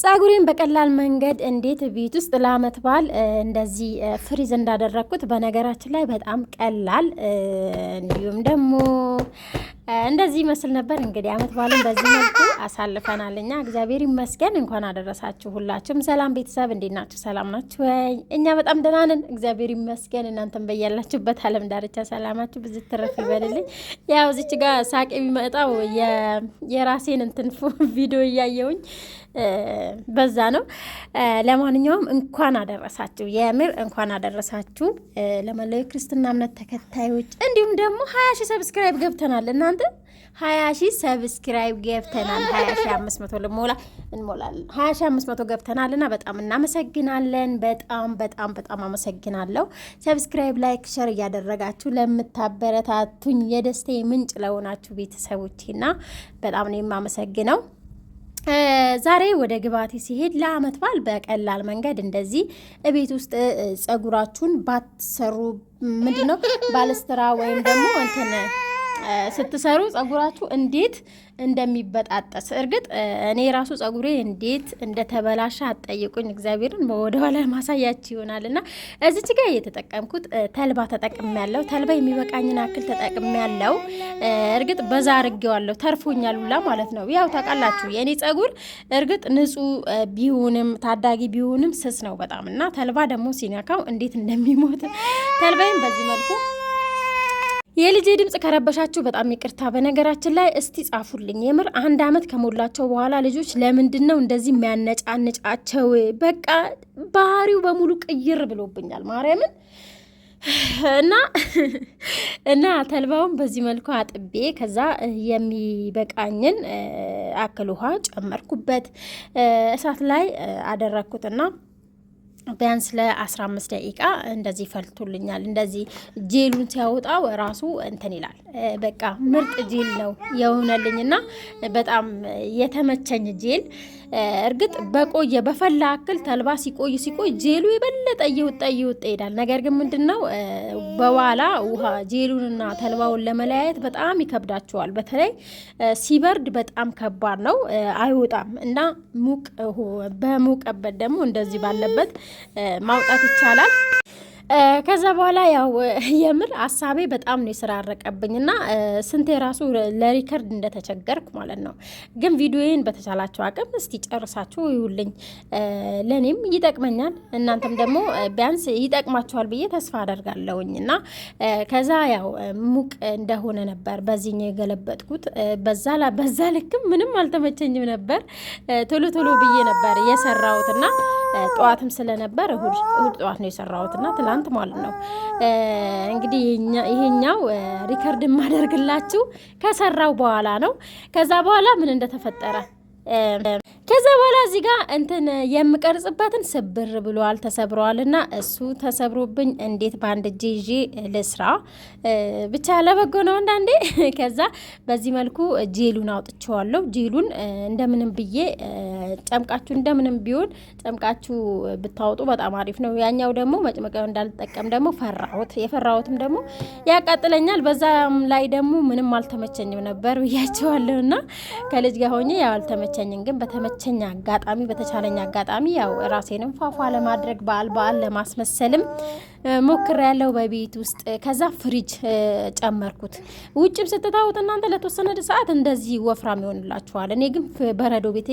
ጸጉሬን በቀላል መንገድ እንዴት ቤት ውስጥ ለአመት በዓል እንደዚህ ፍሪዝ እንዳደረግኩት በነገራችን ላይ በጣም ቀላል እንዲሁም ደግሞ እንደዚህ ይመስል ነበር። እንግዲህ አመት በዓልን በዚህ መልኩ አሳልፈናል እኛ እግዚአብሔር ይመስገን። እንኳን አደረሳችሁ ሁላችሁም። ሰላም ቤተሰብ፣ እንዴት ናችሁ? ሰላም ናችሁ ወይ? እኛ በጣም ደህና ነን እግዚአብሔር ይመስገን። እናንተም በያላችሁበት አለም ዳርቻ ሰላማችሁ ብዙ ትረፍ ይበልልኝ። ያው እዚች ጋር ሳቅ የሚመጣው የራሴን እንትንፉ ቪዲዮ እያየውኝ በዛ ነው። ለማንኛውም እንኳን አደረሳችሁ፣ የምር እንኳን አደረሳችሁ ለመላው የክርስትና እምነት ተከታዮች እንዲሁም ደግሞ ሀያ ሺህ ሰብስክራይብ ገብተናል። እናንተ ሀያ ሺህ ሰብስክራይብ ገብተናል። ሀያ ሺህ አምስት መቶ ልሞላ እንሞላለን። ሀያ ሺህ አምስት መቶ ገብተናልና በጣም እናመሰግናለን። በጣም በጣም በጣም አመሰግናለሁ። ሰብስክራይብ፣ ላይክ፣ ሸር እያደረጋችሁ ለምታበረታቱኝ የደስታ ምንጭ ለሆናችሁ ቤተሰቦቼና በጣም ነው የማመሰግነው። ዛሬ ወደ ግባቴ ሲሄድ ለአመት በዓል በቀላል መንገድ እንደዚህ እቤት ውስጥ ጸጉራችሁን ባትሰሩ ምንድን ነው ባለስትራ ወይም ደግሞ እንትን ስትሰሩ ጸጉራችሁ እንዴት እንደሚበጣጠስ እርግጥ እኔ ራሱ ጸጉሬ እንዴት እንደተበላሸ አትጠይቁኝ። እግዚአብሔርን ወደኋላ ማሳያችሁ ይሆናል እና እዚች ጋር እየተጠቀምኩት ተልባ ተጠቅም ያለው ተልባ የሚበቃኝን አክል ተጠቅም ያለው እርግጥ በዛ አርጌዋለሁ ተርፎኛል ሁላ ማለት ነው። ያው ታውቃላችሁ የእኔ ጸጉር እርግጥ ንጹህ ቢሆንም ታዳጊ ቢሆንም ስስ ነው በጣም እና ተልባ ደግሞ ሲነካው እንዴት እንደሚሞት ተልባይም በዚህ መልኩ የልጄ ድምፅ ከረበሻችሁ በጣም ይቅርታ። በነገራችን ላይ እስቲ ጻፉልኝ። የምር አንድ አመት ከሞላቸው በኋላ ልጆች ለምንድን ነው እንደዚህ የሚያነጫንጫቸው? በቃ ባህሪው በሙሉ ቅይር ብሎብኛል ማርያምን እና እና ተልባውን በዚህ መልኩ አጥቤ ከዛ የሚበቃኝን አክል ውሃ ጨመርኩበት፣ እሳት ላይ አደረግኩትና ቢያንስ ለ15 ደቂቃ እንደዚህ ፈልቶልኛል። እንደዚህ ጄሉን ሲያወጣው ራሱ እንትን ይላል በቃ ምርጥ ጄል ነው የሆነልኝ እና በጣም የተመቸኝ ጄል። እርግጥ በቆየ በፈላ አክል ተልባ ሲቆይ ሲቆይ ጄሉ የበለጠ እየወጣ እየወጣ ይሄዳል። ነገር ግን ምንድን ነው በኋላ ውሃ ጄሉንና ተልባውን ለመለያየት በጣም ይከብዳቸዋል። በተለይ ሲበርድ በጣም ከባድ ነው፣ አይወጣም እና ሙቅ በሙቀበት ደግሞ እንደዚህ ባለበት ማውጣት ይቻላል። ከዛ በኋላ ያው የምር አሳቤ በጣም ነው የሰራረቀብኝ እና ስንቴ ራሱ ለሪከርድ እንደተቸገርኩ ማለት ነው። ግን ቪዲዮዬን በተቻላቸው አቅም እስቲ ጨርሳችሁ ይውልኝ፣ ለእኔም ይጠቅመኛል፣ እናንተም ደግሞ ቢያንስ ይጠቅማችኋል ብዬ ተስፋ አደርጋለሁኝ እና ከዛ ያው ሙቅ እንደሆነ ነበር በዚህኛው የገለበጥኩት። በዛ ልክም ምንም አልተመቸኝም ነበር። ቶሎ ቶሎ ብዬ ነበር የሰራውትና? ጠዋትም ስለነበር እሁድ ጠዋት ነው የሰራሁት እና ትላንት ማለት ነው። እንግዲህ ይሄኛው ሪከርድ የማደርግላችሁ ከሰራው በኋላ ነው። ከዛ በኋላ ምን እንደተፈጠረ ከዛ በኋላ እዚህ ጋር እንትን የምቀርጽበትን ስብር ብለዋል ተሰብረዋል። እና እሱ ተሰብሮብኝ እንዴት በአንድ እጅ ይዤ ልስራ? ብቻ ለበጎ ነው አንዳንዴ። ከዛ በዚህ መልኩ ጄሉን አውጥቼዋለሁ። ጄሉን እንደምንም ብዬ ጨምቃችሁ እንደምንም ቢሆን ጨምቃችሁ ብታወጡ በጣም አሪፍ ነው። ያኛው ደግሞ መጭመቂያው እንዳልጠቀም ደግሞ ፈራሁት። የፈራሁትም ደግሞ ያቃጥለኛል። በዛም ላይ ደግሞ ምንም አልተመቸኝም ነበር ብያቸዋለሁ። እና ከልጅ ጋር ሆኜ ያው አልተመቸኝም፣ ግን በተመቸ በተመቸኝ አጋጣሚ በተቻለኝ አጋጣሚ ያው ራሴንም ፏፏ ለማድረግ በዓል በዓል ለማስመሰልም ሞክር ያለው በቤት ውስጥ ከዛ ፍሪጅ ጨመርኩት። ውጭም ስትታዩት እናንተ ለተወሰነ ሰዓት እንደዚህ ወፍራም ይሆንላችኋል። እኔ ግን በረዶ ቤቴ